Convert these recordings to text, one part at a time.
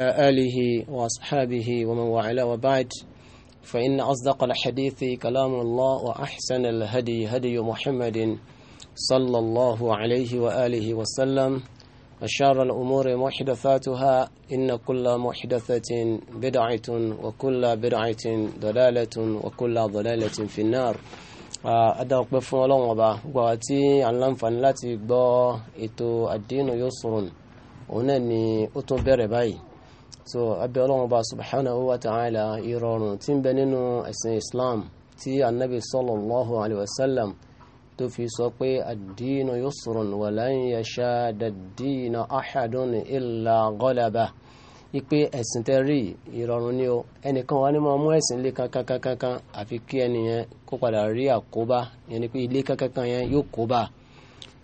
آله وأصحابه ومن وعلى وبعد فإن أصدق الحديث كلام الله وأحسن الهدي هدي محمد صلى الله عليه وآله وسلم أشار الأمور محدثاتها إن كل محدثة بدعة وكل بدعة ضلالة وكل ضلالة في النار أدرك بفن الله وبا وأتي عن لنفن التي با إتو الدين يسر هنا أتو so abẹ́ ọlọ́run ọba subhanahu wa ta'ala ìrọ̀rùn tí ń bẹ nínú ẹ̀sìn islam tí anabi sallallahu alayhi wa sallam tó fi sọ pé ad-dinu yusrun wa lan yashada ad-dina ahadun illa ghalaba ipe ẹ̀sìn tẹ́rí ìrọ̀rùn ni o ẹnìkan wà ní máa mú ẹ̀sìn ilé kankankankan àfi kí ẹnìyẹn kó padà rí àkóbá yẹn ni pé ilé kankankan yẹn yóò kóbá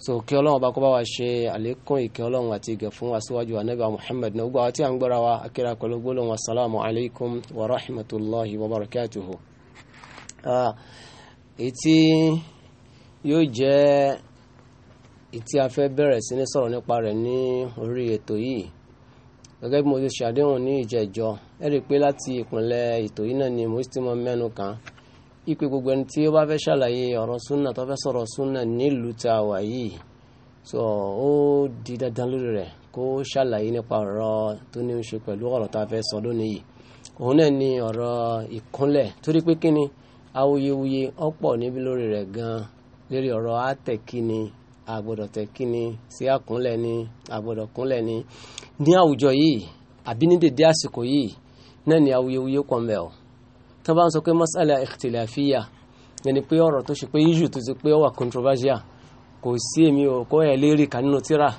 so kí ọlọ́run ọba kó bá wa ṣe àlékún ìkẹ́ ọlọ́run àti ìgẹ̀ fún wa síwájú ànábì muhammed náà gbọ́ àwọn tí a ń gbọ́ra wa akéra pẹ̀lú gbólóhùn asalaamu alaykum wa rahmatulahi wa barakatuhu. ètí yóò jẹ́ ètí a fẹ́ bẹ̀rẹ̀ sí ní sọ̀rọ̀ nípa rẹ̀ ní orí ètò yìí gẹ́gẹ́ bí mo ti ṣàdéhùn ní ìjẹ́jọ́ ẹ rí i pé láti ìpínlẹ̀ ètò yìí náà ni mo ti mọ mẹ́nu kàn ipe gbogbo ẹni tí ó bá fẹ́ ṣàlàyé ọ̀rọ̀ súnà tó fẹ́ sọ̀rọ̀ súnà nílùú ta wà yìí so ó di dandan lórí rẹ̀ kó ṣàlàyé nípa ọ̀rọ̀ tó ní í ṣe pẹ̀lú ọ̀rọ̀ tá a fẹ́ sọ lónìí yìí òun náà ni ọ̀rọ̀ ìkúnlẹ̀ torí pé kí ni awuyewuye ọ̀pọ̀ níbi lórí rẹ̀ gan-an lérí ọ̀rọ̀ àtẹ̀kíni àgbọ̀dọ̀ tẹ̀kíni sí àkúnlẹ̀ ni àgbọ̀dọ̀ kúnlẹ̀ ni ní àwùjọ yìí àbí ní dèdè àsìkò yìí náà ni awuyewuye kọ̀ mẹ́ tó bá ń sọ pé masala ìkìtìláfíà yẹni pé ọ̀rọ̀ tó ṣe pé issue tó ṣe pé ó wà controversial kò sí èmi ò kọ́ ẹ̀ lérí kà nínú tíra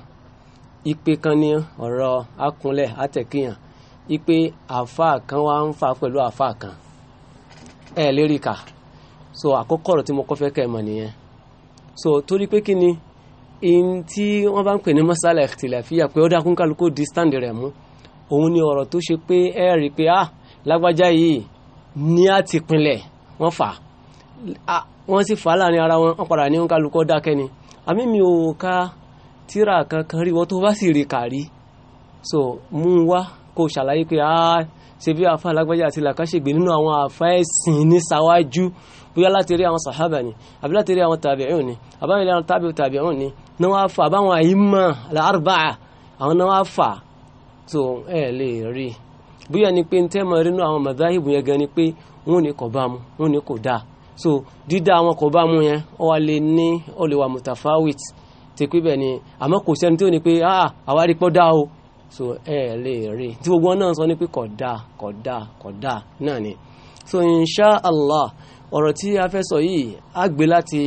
ipe kan ní ọ̀rọ̀ akunlẹ̀ atẹ̀kíyàn ipe àfa kan wá ń fa pẹ̀lú àfa kan ẹ̀ lérí kà so àkọ́kọ́ ọ̀rọ̀ tí mo kọ́ fẹ́ kẹ́ ẹ̀ mọ̀ nìyẹn so torí pé kí ni in tí wọ́n bá ń pè ní masala ìtìláfíà pé ó dákún kálukú di stand rẹ̀ mú òun ni ọ̀rọ̀ tó ṣe pé ẹ rí pé ah lágbájá yìí ni àti pinlẹ̀ wọ́n fà á wọ́n sì fà láàrin ara wọn padà ní kálukọ́ dákẹ́ ni àmì mi ò ka tíra kankan rí wọ́n tó bá sì rí kàrí so mú un wá kó ṣàlàyé pé a ṣe bí àfa alágbájá àti làkàṣègbè nínú àwọn àfa ẹ̀sìn ní ṣáwájú bóyá láti rí àwọn sàhábà ni àbí láti rí àwọn tàbíùn ni àbáwọn ilé àwọn tàbíù tàbíùn ni náà wá fà àbáwọn àyímọ̀ al àwọn náà wá fà so ẹ lè rí i bóyá ni pé ntẹ́ máa rí inú àwọn màdáhìbù yẹn gan ni pé wọ́n ní kò bá mu wọ́n ní kò dáa so dídá àwọn kò bá mu yẹn ó wá lè ní ó lè wà mutafawit ti pé bẹ́ẹ̀ ni àmọ́ kò sẹ́ni tí ó ní pé ah àwa rí pọ́ dáa o so ẹ lè rí tí gbogbo náà sọ ni pé kò dáa kò dáa kò dáa náà ni so insha allah ọ̀rọ̀ tí a fẹ́ sọ yìí á gbé láti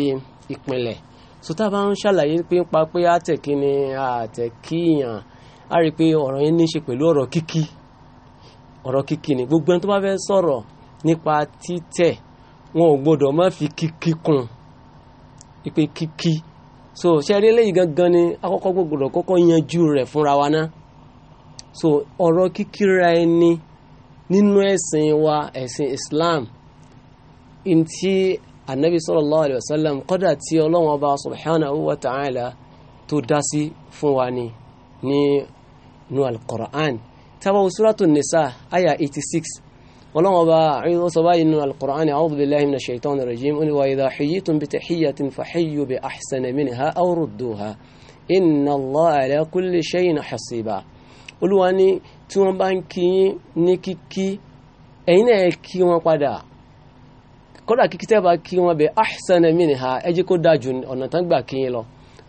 ìpìlẹ̀ so tá a bá ń ṣàlàyé pé ń pa pé àtẹ̀kí ni àtẹ̀kíyàn á rí i pé ọ̀rọ̀ yẹn ní í ṣe pẹ̀lú ọ̀rọ̀ kíkí ọ̀rọ̀ kìkì ni gbogbo ẹni tó bá fẹ́ sọ̀rọ̀ nípa títẹ̀ wọn ò gbọdọ̀ má fi kìkì kún ipe kìkì so ṣe rí eléyìí gangan ni akọ́kọ́ gbọdọ̀ kọ́kọ́ yanjú rẹ̀ fúnra wa ná so ọ̀rọ̀ kíkíra ẹni nínú ẹ̀sìn wa ẹ̀sìn Islam ntí anabi sallallahu alayhi wa sallam kọ́dà tí ọlọ́wọ́n ọba subhanahu wa ta'ala tó dá sí fún wa ni ní nu al-Qur'an tabawo suratu nisa aya 86 ọlọ́wọ́ bá ọ sọ báyìí nínú alqur'an a'udhu billahi minash shaitani rajim ó ní wa idha huyitum bi tahiyyatin fahiyyu bi ahsani minha aw rudduha inna allaha ala kulli shay'in hasiba olúwa ní tí wọ́n bá ń kí yín ní kíkí ẹ̀yin náà kí wọn padà kódà kíkí tẹ́ bá kí wọn bẹ ahsani minha ẹ jẹ́ kó dájú ọ̀nà tán gbà kí lọ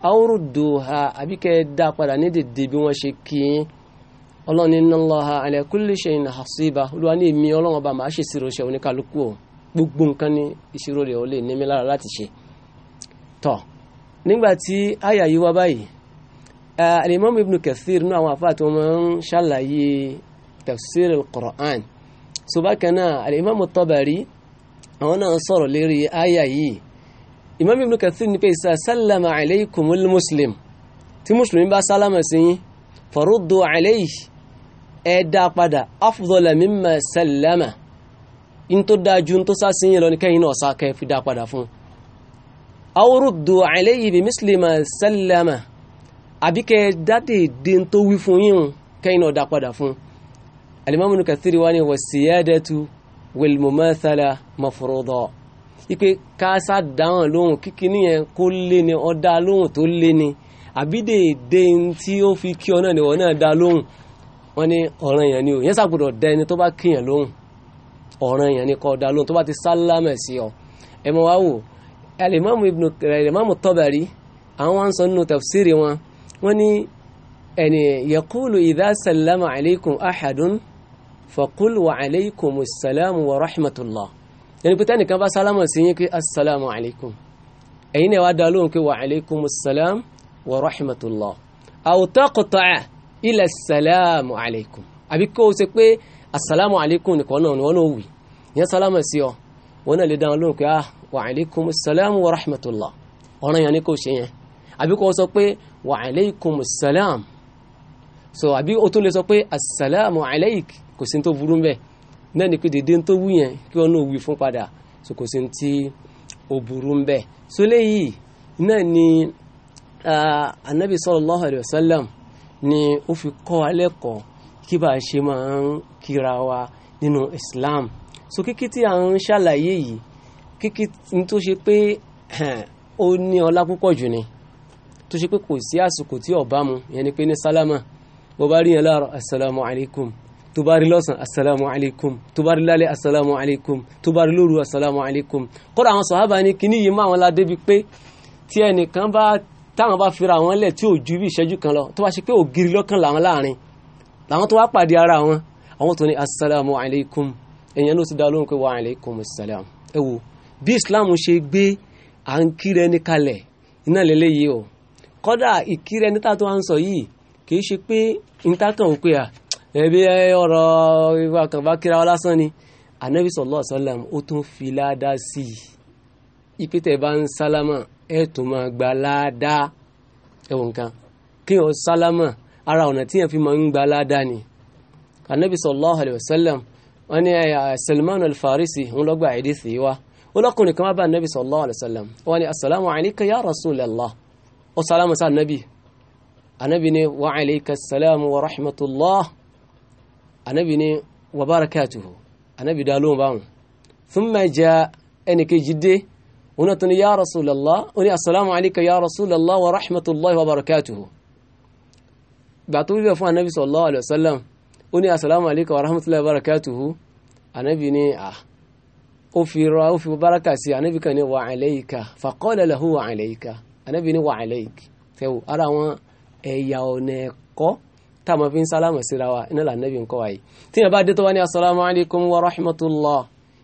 aw rudduha àbíkẹ́ dá padà ní dèdè bí wọ́n ṣe kí ọlọ́ni innallaha ala kulli shay'in hasiba olúwa ní èmi ọlọ́run ọba màá ṣe ìṣirò ṣe oníkálukú o gbogbo nǹkan ní ìṣirò rẹ̀ ó lè ní mi lára láti ṣe tọ́ nígbà tí àyà yìí wá báyìí alimami ibn kathir ní àwọn àfáà tó máa ń ṣàlàyé tafsir al-qur'an subákan náà alimami tabari àwọn náà sọ̀rọ̀ lérí àyà yìí imami ibn kathir ní pé isa sallama alaykumul muslim tí mùsùlùmí bá sálámà sí yín faruddu alayhi ẹ̀ẹ́dá padà afdala mimma sallama in tó dájú tó sásíyìn lọ ní kẹ́yìn náà sá kẹ́ fi dá padà fún aw ruddu alayhi bi misli ma sallama àbíkẹ́ dádèdè tó wí fún yíhun kẹ́yìn náà dá padà fún Al-Imam Ibn Kathir wá ní wa siyadatu wal mumathala mafruda ipe káásá dáhùn lóhùn kíkiní kó lé ni ọ̀dá lóhùn tó lé ni àbídèdè tí ó fi kí ọ náà ni ọ̀ náà dá lóhùn wọ́n ní ọ̀ràn yẹn ni o yẹn sàgbọ́dọ̀ dá ẹni tó bá kíyàn lóhùn ọ̀ràn yẹn ni kọ́ da lóhùn tó bá ti sálámẹ̀ sí ọ ẹ mọ wá wò alimami ibnu alimami eh, tọ́bẹ̀rí àwọn wá ń sọ nínú tafsiri wọn wọ́n ní ẹni yakulu idha salama aleikum ahadun fakul wa aleikum salamu wa rahmatulah yẹni pété ilẹ̀ sàlámù aleikum àbí kó o ṣe pé asàlámù aleikum nìkan náà ni wọ́n náà wì yẹn sálámù sí ọ wọ́n náà lè dáhùn lóhùn pé ah wa aleikum sàlámù wa rahmatullah ọ̀ràn yẹn ni kò ṣe yẹn àbí kó o sọ pé wa aleikum sàlámù so àbí o tún lè sọ pé asàlámù aleik kò sí tó burú mbẹ náà ni pé dédé tó wù yẹn kí wọ́n náà wì fún padà so kò sí ní tí burú mbẹ so léyìí náà ni anabi ah, sallallahu alayhi wa sallam ni ó fi kọ́ wa lẹ́kọ̀ọ́ kí bá a ṣe máa ń kíra wa nínú Islam so kíkí tí à ń ṣàlàyé yìí kíkí tó ṣe pé ó ní ọlá púpọ̀ jù ni tó ṣe pé kò sí àsìkò tí ọba mu yẹn ni pé ní sálámà bó bá rí yẹn láàárọ̀ asalaamu alaykum tó bá rí lọ́sàn asalaamu alaykum tó bá rí lálẹ́ asalaamu alaykum tó bá rí lóru asalaamu alaykum kódà àwọn sọ̀hábà ni kíní yìí máa wọn la débi pé tí ẹnìkan bá táwọn bá fira wọn lẹ̀ tí ò ju bí ìṣẹ́jú kan lọ tó bá ṣe pé ògiri lọ́kàn làwọn láàrin làwọn tó wá pàdé ara wọn àwọn tó ní asalaamu alaykum èèyàn ló ti dá lóhùn pé wa alaykum asalaam ẹ wo bí islam ṣe gbé à ń kíra ẹni kalẹ̀ iná lélẹ́ yìí o kọ́dà ìkíra ẹni tá tó wá ń sọ yìí kì í ṣe pé ntakan ò pé à ẹbí ọ̀rọ̀ ìwàkànbá kíra wa lásán ni anabi sallallahu alaihi ẹ tó máa gba ládàá ẹwọ nǹkan kí ọ sálámà ara ọ̀nà tí yẹn fi máa ń gba ládàá ni anabi sallallahu alayhi wa sallam wọn ni salman al-farisi wọn lọ gba àìdísì wa olókùnrin kan wá bá anabi sallallahu alayhi wa sallam wọn ni asalaamu alayka ya rasulallah ó sálámà sí anabi anabi ni wa alayka salaamu wa rahmatulah anabi ni wa barakatuhu anabi dá lóhùn báwọn thumma jaa ẹnì kejì dé ona tuni ya rasulallah oni assalamu alayka ya rasulallah wa rahmatulahi wa barakatuhu gbàtú wíwẹ̀ fún anabi sallallahu alayhi wa sallam oni assalamu alayka wa rahmatulahi wa barakatuhu anabi ni ah ó fi ra ó fi baraka sí anabi kan ni wa alayka faqala lahu wa alayka anabi ni wa alayka tẹ́wò ara wọn ẹ̀yà ọ̀nà ẹ̀kọ́ tá a máa fi ń sálámà síra wa iná assalamu alaykum wa rahmatulah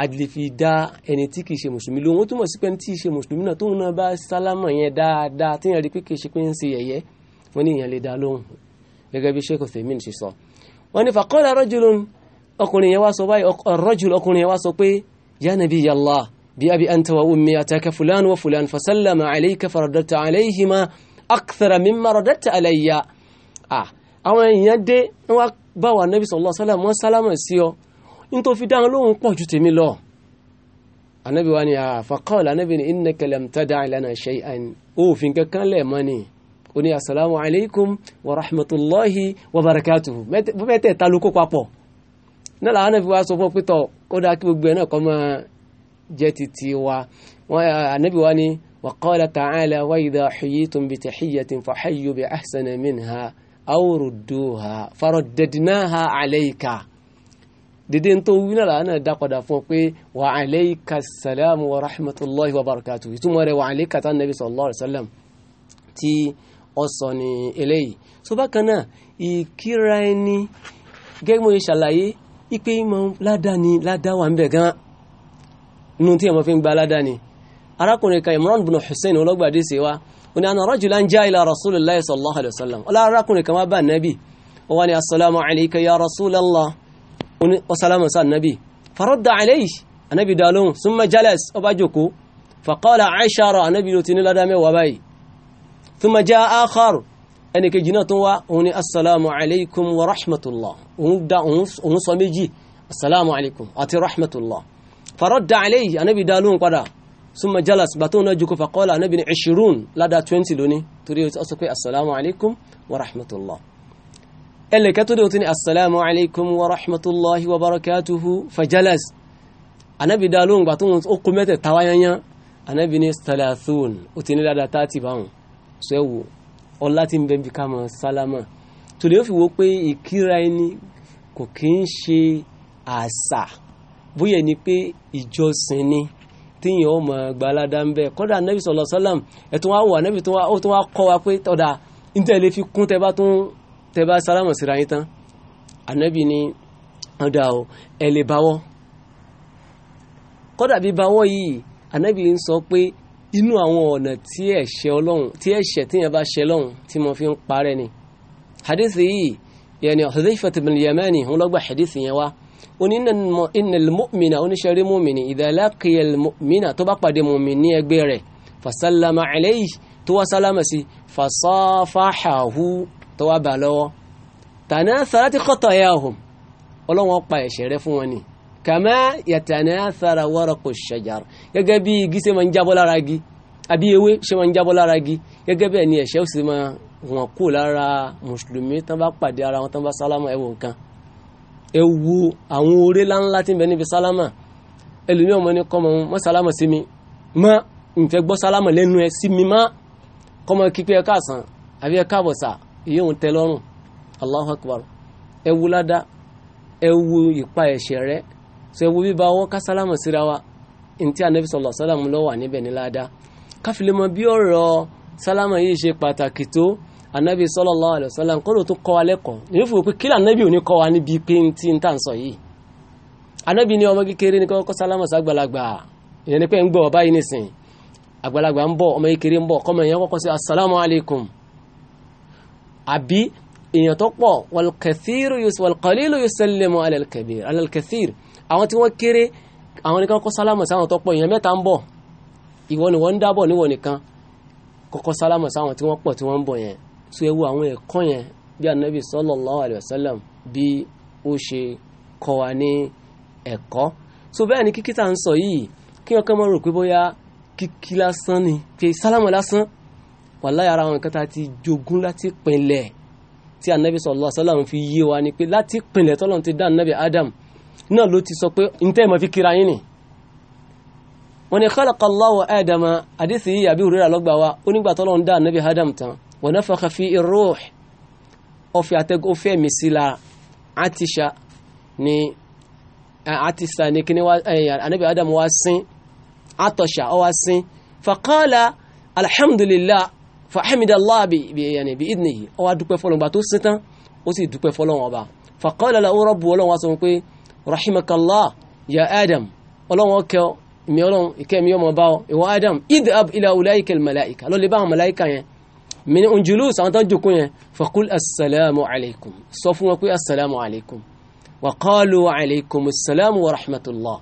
àdìlè fi dá ẹni tí kìí ṣe mùsùlùmí lóhun ó túmọ̀ sí pé ẹni tí kìí ṣe mùsùlùmí náà tóun náà bá sálámà yẹn dáadáa téèyàn rí pé kìí ṣe pé ń ṣe yẹ̀yẹ́ wọ́n ní ìyẹn lè dá lóhùn gẹ́gẹ́ bí sheikh othemin ṣe sọ. wọ́n ní faqala rajulun ọkùnrin yẹn wá sọ báyìí rajul ọkùnrin yẹn wá sọ pé ya nabiyallah bí abi anta wa ataka fulan wa fulan fasallama alayka faradata alayhima akthara mimma radata alayya. àwọn èèyàn dé wọ́n bá wa nabi sallallahu nítorí fi dáhùn lóhùn pọ̀ ju tèmi lọ. anabi wa ni àfàkọ́ọ̀lù anabi ni innaka lam tad'a lana shay'an òfin kankan lẹ̀ mọ́ ni ó ní asalaamu alaykum wa rahmatulahi wa barakatuhu mẹ́tẹ̀ẹ̀ta ló kó papọ̀ náà làwọn wa sọ fún pétọ́ kódà kí gbogbo ẹ̀ náà jẹ́ titi wa anabi wa ni وقال تعالى وإذا حييتم بتحية فحيوا بأحسن منها أو ردوها فرددناها عليك dédé ń tó wí náà náà dá padà fún ọ pé wa alayka salamu wa rahmatulahi wa barakatu ìtumọ̀ rẹ̀ wa alayka tá nàbí sallallahu alayhi wa sallam tí ọ sọ ní eléyìí so bákan náà ìkíra ẹni gẹ́gẹ́ mo ṣe ni ládàá wà ń bẹ̀ gan-an nu tí fi gba aládàá ni arákùnrin kan imran bin hussein ọlọ́gbàdé sí wa oní àná rajulan jaa ila rasulillahi sallallahu alayhi wa sallam ọlá arákùnrin kan wá bá nàbì asalaamu alayka ya rasulallah oní ọ̀sálámù sáà nàbí faradda alayhi anabi dá lóhùn summa jalas ó bá jókòó faqala ashara anabi ló ti ní ládá mẹ́wàá báyìí thumma jaa akhar ẹni kejì náà tó wá òun ni assalamu alaykum wa rahmatullah òun sọ méjì assalamu alaykum àti rahmatullah faradda alayhi anabi dá padà summa jalas bàtún náà jókòó faqala anabi ní 20 ládá 20 lónìí torí ó sọ pé assalamu alaykum wa rahmatullah ẹlẹ́kẹ́ tó dé òtún ní assalamu alaikum wa rahmatullahi wa barakatuhu fajalas anabi dá lóhùn gbà tó wọn ó kó mẹ́tẹ̀ẹ̀ta wáyányán anabi ní salathun ó ti ní dáadáa táàtì báwọn sọ ẹ̀wò ọlá tí ń bẹ́ẹ̀ ká mọ̀ sálámà tó lè fi wo pé ìkíra ẹni kò kí ń ṣe àṣà bóyá ni pé ìjọsìn ni tíyàn ó mọ̀ gbalada ń bẹ́ẹ̀ kọ́dà anabi sallallahu alaihi ẹ̀ tó wá wọ̀ anabi tó wá kọ́ wa pé tọ́da níta ilé fi kún tẹ́ bá tún tẹ́ bá sálámù síra yín tán ànábì ni ọ̀dà o ẹ lè báwọ́ kọ́dà bí báwọ́ yìí ànábì ń sọ pé inú àwọn ọ̀nà tí ẹ̀ṣẹ̀ ọlọ́run tí ẹ̀ṣẹ̀ tíyẹn bá ṣẹ lọ́run tí mo fi ń parẹ́ ni hadithi yìí yẹni Hudhayfah ibn Yamani ń lọ́gbà hadithi yẹn wá oní innal mu'mina oníṣẹ́rí mu'mini idha laqiya tó bá pàdé mu'mini ẹgbẹ́ rẹ̀ fasallama alayhi tó wá sálámà sí fasafahahu tó wá bà lọ́wọ́ tanasarati khatayahum ọlọ́wọ́n pa ẹ̀ṣẹ̀ rẹ fún wọn ni kama yatanasara waraqu shajar gẹ́gẹ́ bí igi ṣe máa ń jábọ́ lára igi àbí ewé ṣe máa ń jábọ́ lára igi gẹ́gẹ́ bẹ́ẹ̀ ni ẹ̀ṣẹ̀ ó sì máa wọn kú lára mùsùlùmí tán bá pàdé ara wọn tán bá sálámà ẹ̀wọ̀ nǹkan ewu àwọn oore láńlá tí bẹ níbi sálámà ẹlòmíọ̀ mọ́ ni kọ́mọ mọ́ sálámà sí mi mọ́ ìfẹ́ gbọ́ sálámà lẹ́nu ẹ sí mi mọ́ kọ́mọ kíkẹ́ ẹ káàsán àbí ẹ káàbọ̀ sáà ìyóò ń tẹ lọ́rùn Allahu Akbar ẹ wu ládá ẹ wu ìpa ẹ̀ṣẹ̀ rẹ ṣe wu bíbá ọwọ́ ká sálámù síra wa ntí anabi sallallahu salama lọ ló wà níbẹ̀ ní ládá káfílẹ̀ mọ bí ọ̀rọ̀ sálámù yìí ṣe pàtàkì anabi sallallahu alaihi wasallam kó ló tún kọ́ wa lẹ́kọ̀ọ́ èyí fò pé anabi ò ní kọ́ wa níbi pé ntí ntà ń sọ yìí anabi ní ọmọ kékeré ní kọ́kọ́ sálámù sàgbàlagbà ìyẹn ni pé ń gbọ́ báyìí nísìnyí àbí èèyàn tó pọ̀ wàlkàthírù wàlkàlílù yusallimu alẹ́lkàthír àwọn tí wọ́n kéré àwọn nìkan kọ́ sálámù sáwọn tó pọ̀ èèyàn mẹ́ta ń bọ̀ ìwọ ni wọ́n ń dábọ̀ níwọ̀ nìkan kọ́kọ́ sálámù sáwọn tí wọ́n pọ̀ tí wọ́n ń bọ̀ yẹn tó ewu àwọn ẹ̀kọ́ yẹn bí anabi sallallahu alayhi wa sallam bí ó ṣe kọ́ wa ní ẹ̀kọ́ so bẹ́ẹ̀ ni kíkí ń sọ yìí kí wọ́n kàn rò pé bóyá kíkí lásán ni pé sálámù lásán wàláyà ara àwọn nǹkan tá a ti jogún láti pinlẹ̀ tí anabi sallallahu alaihi wasallam fi yé wa ni pé láti pinlẹ̀ tọ́lọ́run ti dá anabi adam náà ló ti sọ pé ntẹ́ ìmọ̀ fi kíra yín ni. wọ́n ní khalaqa Allahu adama àdìsí yìí àbí òrìrà lọ́gbà wa ó nígbà tọ́lọ́run dá anabi adam tán wa nafakha fi ir-ruh ọ̀fẹ́ àtẹ́gùn ọ̀fẹ́ mi sí la àtìṣà ni àtìṣà eh, ni kí ni anabi eh, adam wá sín àtọ̀ṣà ọ wá sín faqala alhamdulillah fàhàmìdàlá bi'idnihi ó wá dúpẹ́ fọlọ́n gbà tó sin tán ó sì dúpẹ́ fọlọ́n ọba faqala lahu rabbu ọlọ́run wá sọ pé rahimakallah ya adam ọlọ́run ọkẹ́ mi ọlọ́run ìkẹ́ mi ọmọ bá ọ ìwọ adam idhab ila ulaika almalaika lọ́lẹ̀ bá àwọn màláìka yẹn min unjulus àwọn tán jòkó yẹn faqul assalamu alaykum sọ fún wọn pé assalamu alaykum wa qalu alaykum assalamu wa rahmatullah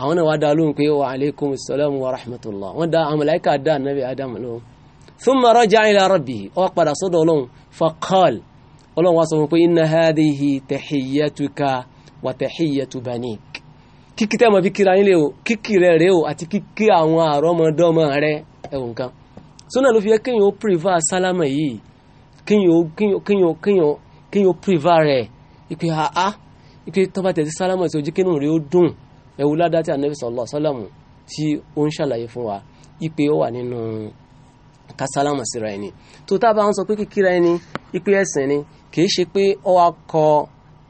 àwọn náà wá dá lóhùn pé wa alaykum assalamu wa rahmatullah wọ́n dá àwọn dá nabi adam lóhùn thumma raja'a ila rabbihi ó padà sọ́dọ̀ ọlọ́run faqal ọlọ́run wá sọ fún pé inna hadhihi tahiyyatuka wa tahiyyatu banik kíkí tẹ́ mọ̀ fi kíra nílé o kíkí rẹ̀ rẹ̀ o àti kíkí àwọn àrọ́mọdọ́mọ rẹ̀ ẹ̀wọ̀n kan sọ́nà ló fi yẹ kíyàn ó pìrìvà sálámà yìí kíyàn ó pìrìvà rẹ̀ ìpè àá ìpè tọ́ba tẹ̀sí sálámà tí ojú kínú rẹ̀ ó dùn ẹ̀wù ládàá tí Ànábì sallallahu alaihi wasallam tí ó ń ṣàlàyé wa ìpè ó wà nínú kásálámà síra ẹni tó tá a bá ń sọ pé kíkíra ẹni ipe ẹ̀sìn ni kìí ṣe pé ọ wa kọ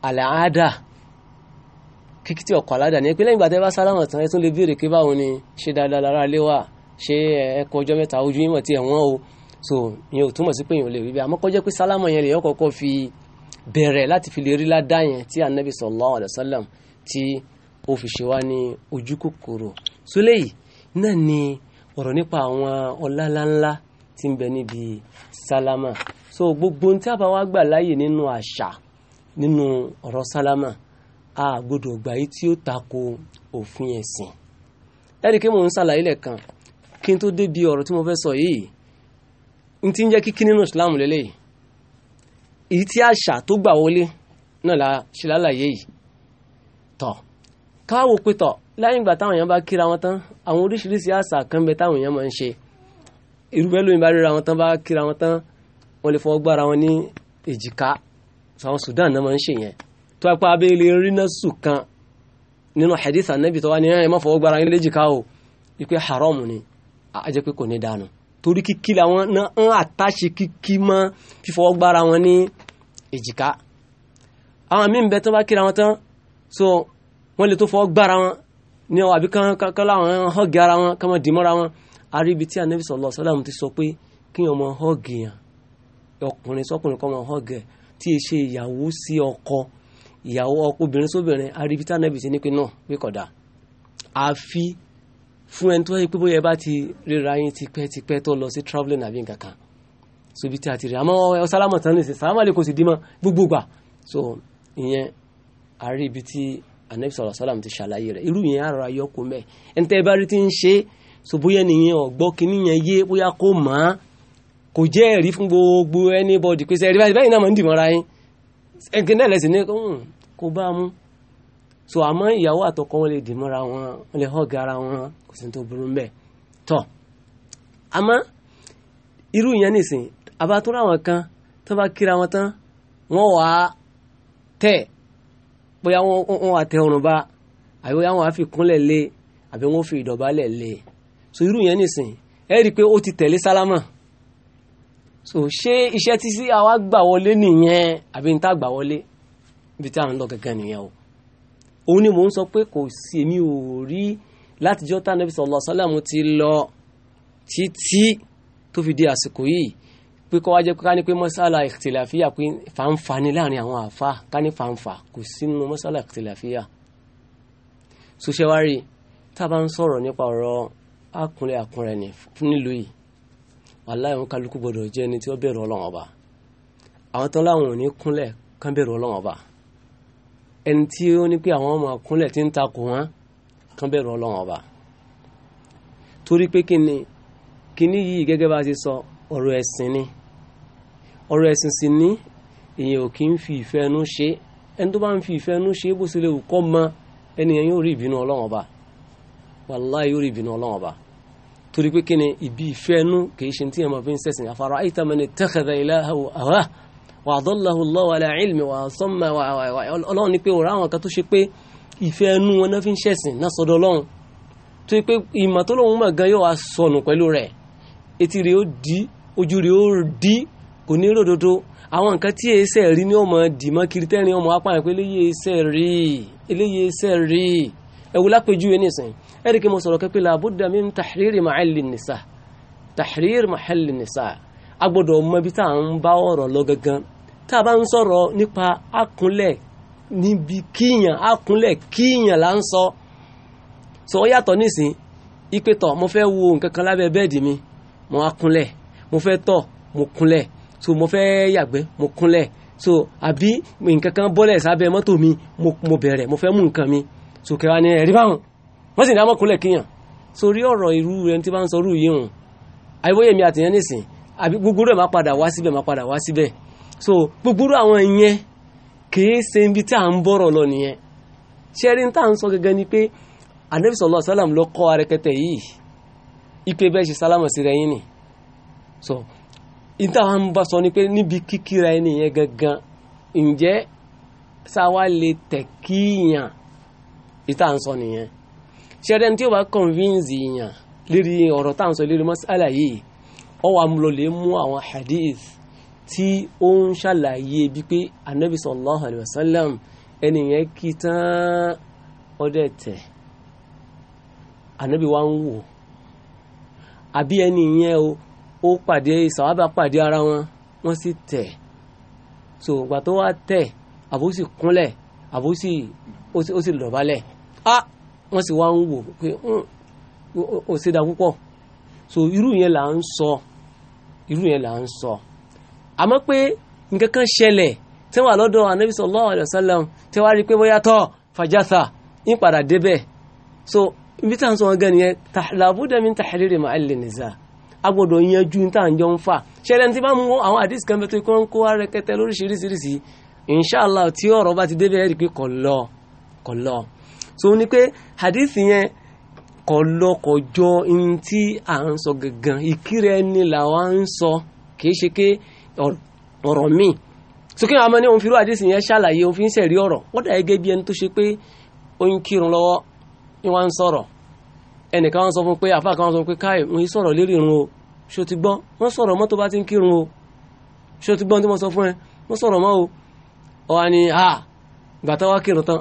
àlàáda kíkí tí ọkọ àlàáda ni pé lẹ́yìn ìgbà tẹ́ bá sálámà tán ẹ tún lè béèrè pé báwo ni ṣe dáadáa lára ilé wa ṣe ẹkọ ọjọ́ mẹ́ta ojú yín mọ̀ tí ẹ̀ wọ́n o so ìyẹn ò túmọ̀ sí pé èèyàn lè rí bí àmọ́ kọjá pé sálámà yẹn lè yọ kọ́kọ́ fi bẹ̀rẹ̀ láti fi lè rí ládá yẹn tí anabi sallallahu tí ń bẹ níbi sálámà so gbogbo tí a bá wá gbà láàyè nínú àṣà nínú ọ̀rọ̀ sálámà a gbọ́dọ̀ gbà yìí tí ó tako òfin ẹ̀sìn ẹ̀rí kí mò ń ṣàlàyé lẹ́ẹ̀kan kí n tó débi ọ̀rọ̀ tí mo fẹ́ sọ yìí n ti ń jẹ́ kíkí nínú ìsìláàmù lélẹ́yìí èyí tí àṣà tó gbà wọlé náà la ṣe lálàyé yìí tọ̀ káwọ́ pé tọ̀ láyìn ìgbà táwọn èèyàn bá kíra wọn tán àwọn oríṣiríṣi àṣà kan bẹ táwọn èèyàn máa ń ṣe irúbẹ́ lóyìn bá ríra wọn tán bá kíra wọn tán wọ́n lè fọwọ́ gbára wọn ní èjìká àwọn Sudan náà máa ń ṣe yẹn tó apá abẹ́lé rínà sùn kan nínú hadith anabi tó wá ní ẹ̀ má fọwọ́ gbára yín léjìká o wípé haram ni a jẹ́ pé kò ní dànù torí kíkí làwọn náà ń àtàṣe kíkí mọ́ fífọwọ́ gbára wọn ní èjìká àwọn míì bẹ tó bá kíra wọn tán so wọ́n lè tó fọwọ́ gbára wọn ní ọ àbí kán láwọn hàn gẹ́ ara wọn kán mọ́ dìímọ́ra wọn aríbi tí anabi sallallahu alaihi wasallam ti sọ pé kí ọmọ họ́ọ̀gì yàn ọkùnrin sọkùnrin kọ́ ọmọ họ́ọ̀gì yàn tí e ṣe ìyàwó sí ọkọ ìyàwó obìnrin sóbìnrin aríbi tí anabi ti ní pé náà pé kódà àfi fún ẹni tó yẹ pé bóyá ẹ bá ti ríra yín tipẹ́tipẹ́ tó lọ sí travelling àbí nǹkan kan sobi tí a ti rí àmọ́ ẹ sálámọ̀ tán nìsín sálámọ̀ lè kó sì dímọ̀ gbogbo gbà so ìyẹn àríbi tí anabi sallallahu alaihi wasallam ti ṣàlàyé rẹ̀ irú yẹn àrò ayọ́kùn mẹ́ ẹni tẹ́ ẹ bá rí ti ń ṣe é so bóyá nìyẹn ọ̀gbọ́ kìíní yẹn yé bóyá kó mọ̀ á kò jẹ́ ẹ̀rí fún gbogbo anybody pé sẹ́ẹ̀rí báyìí báyìí náà máa ń dìmọ́ra yín ẹ̀kẹ́ náà lẹ́sìn ní kó bá mú so àmọ́ ìyàwó àtọkọ wọn lè dìmọ́ra wọn wọn lè hug ara wọn kò sí tó burú mbẹ́ tọ́ àmọ́ irú ìyẹn nìsín abatúrò àwọn kan tó bá kíra wọn tán wọ́n wà á tẹ̀ bóyá wọ́n wà tẹ ọrùn bá àbí wọ́n wà á fi kúnlẹ̀ lé àbí wọ́n fi ìdọ̀bálẹ̀ lé so irú yẹn nìsín ẹ rí i pé ó ti tẹ̀lé sálámà so ṣé iṣẹ́ tí sí àwa gbà wọlé nìyẹn àbí níta gbà wọlé ibi tí à ń lọ gẹ́gẹ́ nìyẹn o òun ni mò ń sọ pé kò sí èmi ò rí látijọ́ tá nàbí sallallahu alaihi wasallam ti lọ títí tó fi di àsìkò yìí pé kọ́ wá jẹ́ pé ká ní pé mọ́sálà ìtìláfíà pé fàǹfà ni láàrin àwọn àfa ká ní fàǹfà kò sínú mọ́sálà ìtìláfíà so ṣe wá rí tá a bá ń sọ̀rọ̀ nípa ọ̀rọ̀ àkùnrin àkùnrin ni fún nílùú yìí wàláhì wọn kálukú gbọdọ̀ jẹ́ ẹni tí wọ́n bẹ̀rù ọlọ́wọ́n ọba àwọn tán láwọn ò ní kúnlẹ̀ kán bẹ̀rù ọlọ́wọ́n ọba ẹni tí ó ní pé àwọn ọmọ kúnlẹ̀ tí ń takò wọn kán bẹ̀rù ọlọ́wọ́n ọba torí pé kí ni ni yìí gẹ́gẹ́ bá a ṣe sọ ọ̀rọ̀ ẹ̀sìn ni ọ̀rọ̀ ẹ̀sìn sì ní èèyàn ò kì í fi ìfẹ́ ẹnu ṣe ẹni tó bá ń fi ìfẹ́ ẹnu ṣe bó ṣe lè wù kọ́ mọ ẹnìyẹn yóò rí ìbínú ọlọ́wọ́n ọba wàláhì yóò rí ìbínú ọlọ́wọ́n ọba torí pé kíni ìbí ìfẹ́ ẹnu kìí ṣe tí ẹmọ fi ń sẹ̀sìn àfàrà àìta mẹni tẹ́kẹ̀dà ilaha àwá wà àdọ́láhu lọ́wọ́ alẹ́ ilmi wà sọ́mà wà ọlọ́run ni pé òrà àwọn kan tó ṣe pé ìfẹ́ ẹnu wọn náà fi ń sẹ̀sìn náà sọ́dọ̀ ọlọ́run tó yẹ pé ìmọ̀ tó lóun mọ̀ gan yóò wá sọnù pẹ̀lú rẹ̀ etí rẹ̀ ó di ojú rẹ̀ ó di kò ní ròdodo àwọn nǹkan tí ẹsẹ̀ rí ni ọmọ dìmọ́ kiri ọmọ apá yẹn pé eléyìí ẹsẹ̀ rí eléyìí ẹsẹ̀ rí ẹ̀wù lápẹjú yẹn nìsín ẹ̀rí kí mo sọ̀rọ̀ kẹ́kẹ́ la budda min tahriri mahalli nisa tahriri mahalli nisa a gbọ́dọ̀ mọ ibi tá à ń bá ọ̀rọ̀ lọ gangan tá a bá ń sọ̀rọ̀ nípa akunlẹ̀ níbi kíyàn akunlẹ̀ kíyàn là ń sọ sọ ọ yàtọ̀ nísìn ipe tọ̀ mo fẹ́ wo nǹkan kan lábẹ́ bẹ́ẹ̀dì mi mo akunlẹ̀ mo fẹ́ tọ̀ mo kunlẹ̀ so mo fẹ́ yàgbẹ́ mo kunlẹ̀ so àbí nǹkan kan bọ́lẹ̀ sábẹ́ mọ́tò mi mo bẹ̀rẹ̀ mo fẹ́ mú nǹkan mi so kẹwàá ni ẹ̀rí báwọn wọ́n sì ní amọ́kúnlẹ̀ kíyàn sórí ọ̀rọ̀ irú ẹni tí bá ń sọrú yìí hùn àìwọ́yẹ̀ mi àtìyẹn nìsín àbí gbogbo rẹ̀ má padà wá síbẹ̀ má padà wá síbẹ̀ so gbogbo àwọn ìyẹn kìí ṣe ibi tí à ń bọ̀rọ̀ lọ nìyẹn ṣẹ́rí ń tà ń sọ gẹ́gẹ́ ni pé anabi sọlọ ló kọ́ arẹ́kẹ́tẹ̀ yìí ipe bẹ́ẹ̀ ṣe sálámà sí rẹ̀ yín so ìta wa ń bá sọ ni pé níbi kíkíra ẹni yẹn gangan ǹjẹ́ sáwa lè tẹ̀ kíyàn ìta ń sọ nìyẹn ṣẹ́rẹ́ tí ó bá convince èèyàn lérí ọ̀rọ̀ tá à ń sọ lérí mọ́sálà yìí ọ wà mú lọlé mú àwọn hadith tí ó ń ṣàlàyé bí pé anabi sallallahu alayhi wa sallam ẹnìyẹn kí tán ọdẹ tẹ̀ anabi wa ń wò àbí ẹnìyẹn o ó pàdé sàwábà pàdé ara wọn wọ́n sì tẹ̀ so ìgbà tó wá tẹ̀ àbó sì kúnlẹ̀ àbó sì ó sì lọ̀bálẹ̀ ah wọ́n sì wá ń wò pé ó hmm, ṣe da púpọ̀ so irú yẹn là ń sọ irú yẹn là ń sọ àmọ́ pé nǹkan kan ṣẹlẹ̀ tí wọ́n wà lọ́dọ̀ anabi sallallahu alayhi wa sallam tí wọ́n á rí i pé bóyá tọ́ fàjásà ń padà débẹ̀ so ibi tá à ń sọ wọn gan nìyẹn làbúdà min tahriri mahall niza a gbọ́dọ̀ yanjú tá à ń jọ ń fà ṣẹlẹ̀ tí bá mú àwọn àdìs kan bẹ tó kọ́ ń kó wá lóríṣiríṣiríṣi inṣàlá tí ọ̀rọ̀ bá ti débẹ̀ ẹ̀rí pé kọ̀ lọ kọ̀ lọ so ní pé hadith yẹn kọ lọ kọ jọ ohun tí à ń sọ gangan ìkírẹ ni làwa ń sọ kì í ṣe pé ọ̀rọ̀ míì sókè àwọn ọmọ ní òun fi rú hadith yẹn ṣàlàyé òun fi ń sẹ̀rí ọ̀rọ̀ wọ́n dà gẹ́gẹ́ bí ẹni tó ṣe pé ó ń kírun lọ́wọ́ ni wọ́n ń sọ̀rọ̀ ẹnìkan wọn sọ fún pé àfáà kan wọn sọ pé káì wọn yìí sọ̀rọ̀ lérí irun o ṣó ti gbọ́ wọ́n sọ̀rọ̀ mọ́ tó bá ti ń kírun o ṣó ti gbọ́ tí wọ́n sọ fún ẹ wọ́n sọ̀rọ̀ mọ́ o ọ̀hà ni gbàtà wá kírun tán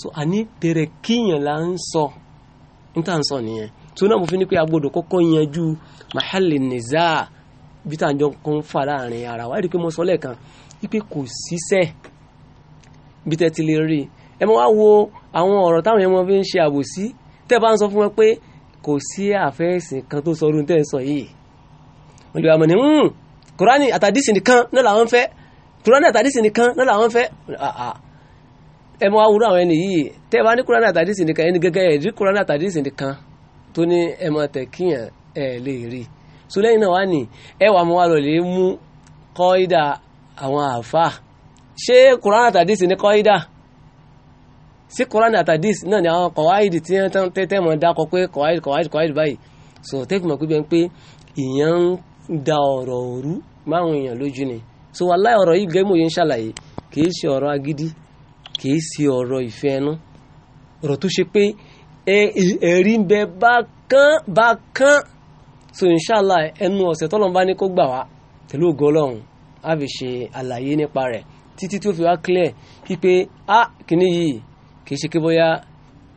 so àní tèrè kíyàn là ń sọ níta ń sọ nìyẹn tó náà mo fi ní pé agbọ́dọ̀ kọ́kọ́ yanjú mahali niza bí tá à ń jọ kún fà láàrin ara wa ẹ rí i pé mo sọ lẹ́ẹ̀kan wípé kò síṣẹ́ bí tẹ́ ti lè rí i ẹ mọ wá wo àwọn ọ̀rọ̀ táwọn yẹn mọ fi ń ṣe àbòsí tẹ́ bá ń sọ fún wọn pé kò sí àfẹ́sìn kan tó sọ ọdún tẹ́ ń sọ yìí wọ́n lè wá mọ̀ ní hmm, kúránì àtàdísì nìkan náà làwọn fẹ́ kúránì àtàdísì nìkan náà làwọn fẹ́ ẹ mọ awúrò àwọn ẹni yìí tẹ ẹ bá ní kúránì àtàdé sì nìkan ẹni gẹ́gẹ́ ẹ rí kúránì àtàdé sì nìkan tó ní ẹ mọ tẹ kíyàn ẹ lè rí so lẹ́yìn náà wá ní ẹ wà mọ wá lọ lè mú kọ́ídà àwọn àáfà ṣé kúránì àtàdé sì ní kọ́ídà sí kúránì àtàdé sì náà ni àwọn kọ̀wáìdì tí wọ́n tẹ́tẹ́ mọ̀ dákọ pé kọ̀wáìdì kọ̀wáìdì kọ̀wáìdì báyìí so tẹ́kì mọ̀ pé pé ìyẹn ń da ọ̀rọ̀ òru so wàláì ọ̀rọ̀ yìí gẹ́gẹ́ mò ń ṣàlàyé kì í ṣe ọ̀rọ̀ agídí kìí ṣe ọ̀rọ̀ ìfẹ́ ẹnu ọ̀rọ̀ tó ṣe pé ẹ̀rí ń bẹ bákan bákan so inṣàlá ẹnu ọ̀sẹ̀ tọ́lọ́mbá ní kó gbà wá pẹ̀lú ògo ọlọ́run á fi ṣe àlàyé nípa rẹ̀ títí tó fi wá clear pípé a kìíní yìí kìí ṣe kí bóyá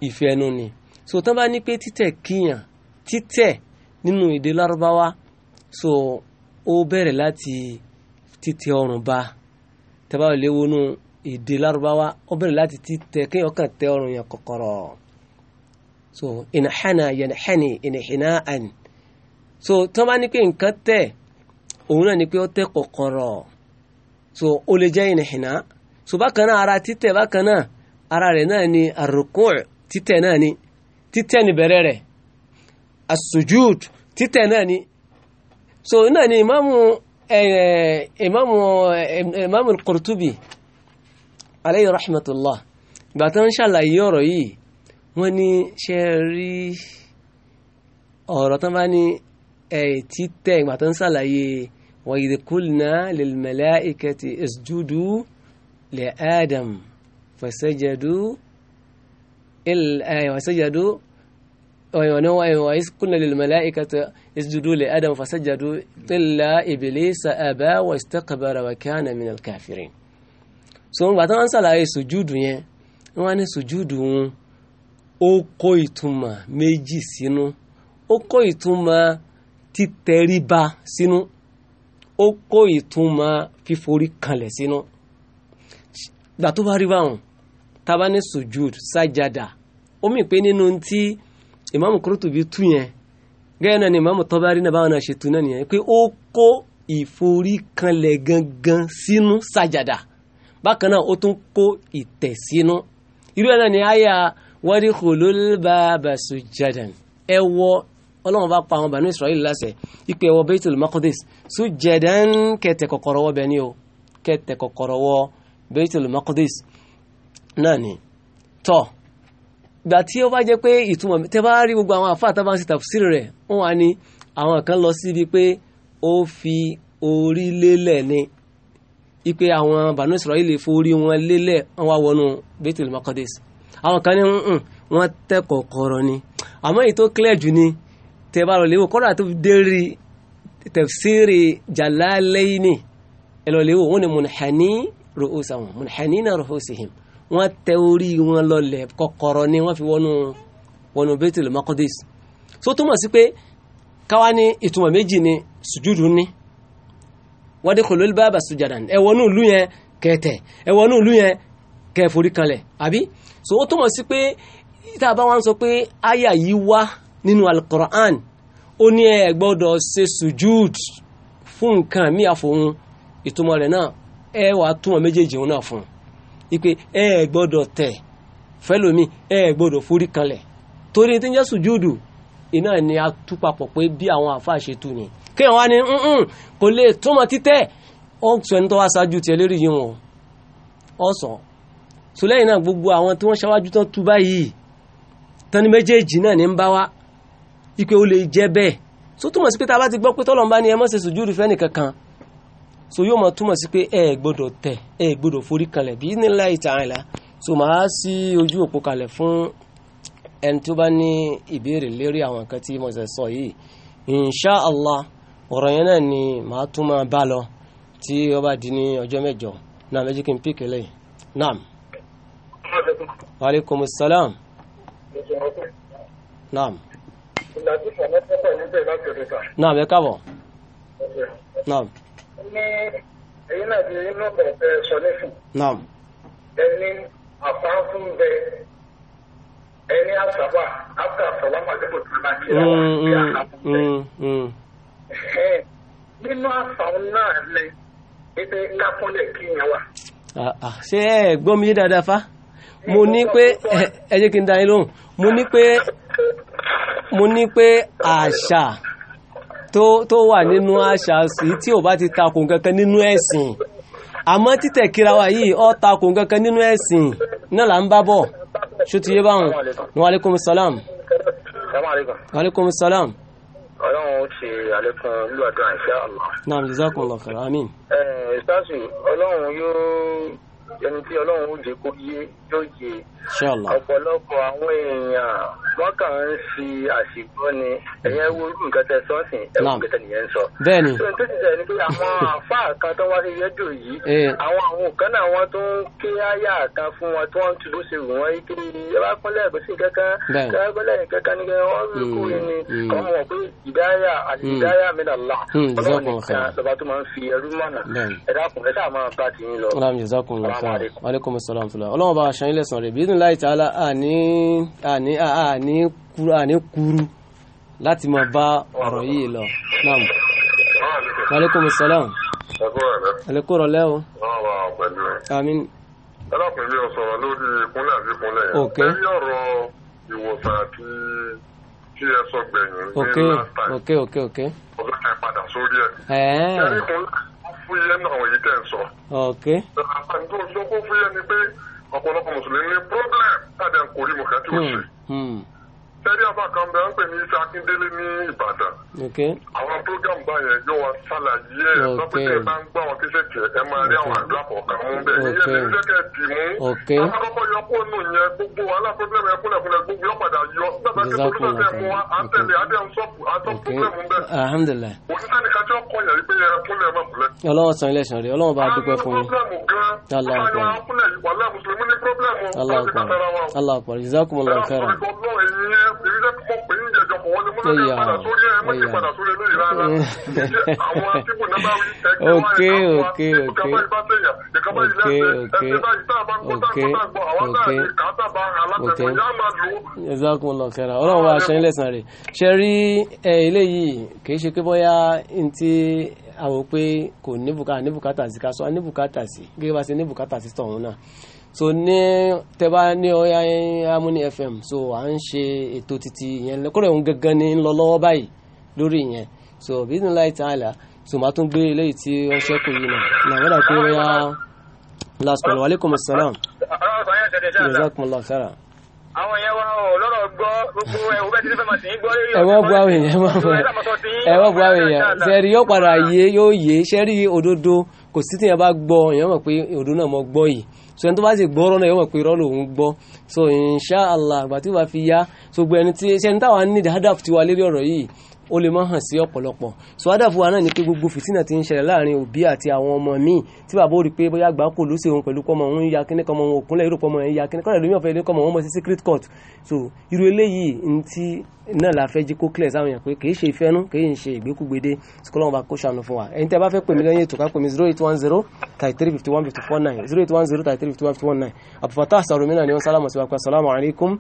ìfẹ́ ẹnu ni so tán bá ní pé títẹ̀ kíyàn títẹ̀ nínú èdè lárúbáwá so ó bẹ̀rẹ̀ láti títẹ̀ ọrùn ba tẹ́bá ò léwu èdè lárúbáwá ó bẹ̀rẹ̀ láti ti tẹ kéèyàn kàn tẹ ọrùn yẹn kọ̀kọ̀rọ̀ so ìnàhánà yẹnìhánì ìnìhìnà àn so tí wọ́n bá ní pé nǹkan tẹ̀ òun náà ni pé ó tẹ kọ̀kọ̀rọ̀ so ó lè jẹ́ ìnìhìnà so bákan náà ara títẹ̀ bákan náà ara rẹ̀ náà ni àrùkùn títẹ̀ náà ni títẹ̀ ni bẹ̀rẹ̀ rẹ̀ asujud títẹ̀ náà ni so náà ni ìmáàmù ìmáàmù eh, ìmáàmù eh, Qurtubi. عليه رحمة الله بعد إن شاء الله يوري واني شري أورطان باني اي تيتين إن شاء الله وإذ قلنا للملائكة اسجدوا لآدم فسجدوا إلا وسجدوا وينوى وإذ قلنا للملائكة اسجدوا لآدم فسجدوا إلا إبليس أبا واستقبر وكان من الكافرين so ńgbà tí wọ́n ń ṣàlàyé sùjúdù yẹn wọ́n ní sùjúdù wọn ó kó ìtumọ̀ méjì sínú ó kó ìtumọ̀ títẹríba sínú ó kó ìtumọ̀ fíforí kanlẹ̀ sínú gbà tó bá rí báwọn tábà ní sùjúd sájàdà ó mì pé nínú tí ìmáàmù Kúrútùbí tú yẹn gẹ́gẹ́ náà ni ìmáàmù Tọ́bárí náà báwọn náà ṣe tú náà nìyẹn pé ó kó ìforí kanlẹ̀ gangan sínú sájàdà bákan náà ó tún kó ìtẹ̀ sínú irú ẹ̀ náà ni àyà wadkhulul baba sujjadan ẹ wọ ọlọ́run bá pa àwọn bànú Israẹli láṣẹ ìpè ẹwọ Baitul Maqdis sujjadan kẹtẹ kọ́kọ́rọ́ wọ bẹ́ẹ̀ ni o kẹtẹ kọ́kọ́rọ́ wọ Baitul Maqdis náà ni tọ́ gbà tí ó bá jẹ́ pé ìtumọ̀ tẹ́ bá rí gbogbo àwọn àfáà tábà ń ṣe tàfsírì rẹ̀ wọ́n wá ní àwọn kan lọ síbi pé ó fi orí lélẹ̀ ni ipe àwọn Banu Israeli forí wọn lélẹ̀ wọn wá wọnú Baitul Maqdis àwọn kan ní nǹkan wọn tẹ kọ̀kọ̀rọ̀ ni àmọ́ èyí tó clear jù ni tẹ bá lọ léwò kọ́dà tó dérí tafsiri Jalalaini ẹ lọ léwò wọn ni munhani na munhanina him. wọn tẹ orí wọn lọlẹ̀ kọ̀kọ̀rọ̀ ni wọn fi wọnú wọnú Baitul Maqdis so túmọ̀ sí pé káwa ní ìtumọ̀ méjì ni sùjúdù ni. So, wadkhulul baba sujadan ẹ wọnú ìlú yẹn kete, e wọnú ìlú yẹn kẹ́ forí kanlẹ̀ àbí so ó túmọ̀ sí pé tá a bá wọn sọ pé àyà yìí wá nínú al-Qur'an ó ní ẹ gbọ́dọ̀ ṣe sujud fún nǹkan mí àfọ̀hún ìtumọ̀ rẹ̀ náà ẹ wàá túmọ̀ méjèèjì òun náà fún un ipe ẹ gbọ́dọ̀ tẹ̀ fẹ́lómi ẹ gbọ́dọ̀ forí kanlẹ̀ torí tí ń jẹ́ sùjúdù iná ni a tú papọ̀ pé bí àwọn àfáà ṣe tú ni kí wọ́n wá ní nǹkan kò lè túmọ̀ títẹ́ ó sọ ẹni tó wá ṣáájú tiẹ̀ lérí yìí wọn ọ sọ so lẹ́yìn náà gbogbo àwọn tí wọ́n ṣáwájú tán tú báyìí tán ní méjèèjì náà ní ń bá wá ipe ó lè jẹ́ bẹ́ẹ̀ so túmọ̀ sí pé tá a bá ti gbọ́ pé tọ́lọ̀ ń bá ní ẹ má ṣe sùjúdù kankan so yóò mọ̀ túmọ̀ sí pé ẹ gbọ́dọ̀ tẹ̀ ẹ gbọ́dọ̀ forí kanlẹ̀ bí nílá ìtàrìnlá so màá sí ojú òpó kalẹ̀ fún ẹni tó bá ní ìbéèrè lérí àwọn nǹkan tí mo sọ yìí insha allah ọ̀rọ̀ yẹn náà ni màá tún máa bá lọ tí ó bá di ní ọjọ́ mẹ́jọ náà méjì kí n pí kẹlẹ́ naam. waaleykum salaam. naam. naam ẹ káàbọ̀. naam. ní ẹ̀yin náà di inú ọ̀pẹ̀ sọ nísìn. naam. ẹni àfáàfún bẹ ẹni àṣàbà àṣàbà wà lẹ́kọ̀ọ́ tó bá ní ìyàwó bí àṣàbà bẹ nínú àfàwọn náà ni pé ká kúnlẹ̀ kí yẹn wà. Ah, ah. ṣé ẹ gbọ́ mi dáadáa fa mo ní pé ẹ jẹ́ kí n dá yín lóhùn mo ní pé mo ní pé àṣà tó wà nínú àṣà sí tí ò bá ti takò kankan nínú ẹ̀sìn àmọ́ títẹ̀ kíra wa yìí ó takò kankan nínú ẹ̀sìn náà là ń bá bọ̀ ṣó ti báwọn. wa aleykum salaam. wa aleykum salaam ọlọ́run ṣe àlékún lúwàdùn insha Allah. naam jazakumullahu khairan ẹ ẹ sáàsì ọlọ́run yóò ẹni tí ọlọ́run ó jẹ́ kó yé yóò yé ọ̀pọ̀lọpọ̀ àwọn èèyàn wọ́n kàn ń fi àṣìgbọ́ ni ẹ̀yẹn wo irú nǹkan tẹ sọ́ ẹ̀wọ̀n nǹkan nìyẹn ń sọ. bẹ́ẹ̀ni tó ti tẹ̀ ni pé àwọn àfáà kan tó wá sí rédíò yìí eh. àwọn àwọn kan náà wọ́n tó ń ké áyà kan fún wọn tí ń tìlú ṣe wù wọ́n yìí kiri ẹ̀rọ akúnlẹ̀ kò kankan ẹ̀rọ kankan ni wọ́n rí kú aleykum salaam fula ọlọ́wọ́n bá aṣọ yín lẹ́sàn rẹ̀ bíi láì tààlà àní àní àní kuru àní kuru láti máa bá ọ̀rọ̀ yìí lọ naam aleykum salaam aleykum rọlẹ́ o àmín. ẹlọ́pàá mi ò sọ̀rọ̀ lórí ìkúnlẹ̀ àti ìkúnlẹ̀ yẹn lórí ọ̀rọ̀ ìwòsàn àti tí ẹ sọ gbẹ̀yìn ní last time ọ̀gá ẹ padà sórí ẹ̀ ẹ̀rí ìkúnlẹ̀ fún yẹn náà wọ̀nyí tẹ̀ ń sọ. ọ̀kẹ́. àǹtí òṣìṣẹ́ kó fún yẹn ni pé ọ̀pọ̀lọpọ̀ mùsùlùmí ní problem tàbí ń kórìí mùkà tí ó ṣe. sẹ́rí àbá bẹ́ẹ̀ ń pè ní Isa Akíndélé ní Ìbàdàn. àwọn program báyẹn yóò wá ṣàlàyé ẹ̀ lọ́pẹ́tẹ́ bá ń gbọ́ àwọn kíṣẹ́ tiẹ̀ ẹ máa rí àwọn àdúrà kọ̀ọ̀kan mú bẹ́ẹ̀ iye tí ń jẹ́kẹ̀ mú. alákọ̀ọ́kọ́ tó kọ yàrá pé yẹra fúnlẹ̀ bá dúpẹ́ fún yín. aláwọ̀ pọ̀ aláwọ̀ pọ̀ ok ok ok. okay, okay, eléyìí kìí ṣe pé n ti àwọn pé kò níbùkátà níbùkátà sí ká sọ níbùkátà sí gẹ́gẹ́ bá so ní tẹ́bá ní ọ̀yá fm so à ń ṣe ètò títí gangan ni ń so so màá tún gbé eléyìí tí lásìkò wa aleykum salaam jazakumullah khairan. àwọn yẹn wá ọ lọ́rọ̀ gbọ́ gbogbo ẹ̀wọ́ bẹ́ẹ̀ tí ní fẹ́ máa sìn ín gbọ́ lórí bu àwọn èèyàn máa bu àwọn èèyàn sẹ́ẹ̀rì yóò padà yé yóò yé sẹ́ẹ̀rì òdodo kò sí tí yẹn bá gbọ́ èèyàn mọ̀ pé òdodo náà mọ̀ gbọ́ yìí so ẹni tó bá sì gbọ́ ọ̀rọ̀ náà yóò mọ̀ pé irọ́ lòun gbọ́ so insha Allah àgbà tí ó bá fi yá so gbogbo tí ṣẹ́ni táwa ní dáadáa ti wà lérí ọ̀rọ̀ yìí ó lè máa hàn sí ọ̀pọ̀lọpọ̀ so adáfo wa náà ni pé gbogbo fìtínà ti ń ṣẹlẹ̀ láàrin òbí àti àwọn ọmọ míì tí bàbá ó rí pé bóyá àgbà kò ló ṣe òun pẹ̀lú kọ́mọ òun ya kíní kọ́mọ òun òkúnlẹ̀ irú kọ́mọ òun ya kíní kọ́lẹ̀ lómi ọ̀fẹ́ ilé kọ́mọ òun mọ̀ sí secret court so irú eléyìí ní ti náà la fẹ́ jí kó clear sáwọn èèyàn pé kì í ṣe ìfẹ́nu kì í ṣe ìgbékúgbèdé sọlọ́wọ́n bá kó ṣàánú fún wa ẹni tí a zero eight one zero thirty three fifty one fifty four nine zero eight one zero thirty three fifty one fifty one nine Abdulfatah sarumina ni wọn sálámù sí wa pé asalaamualeykum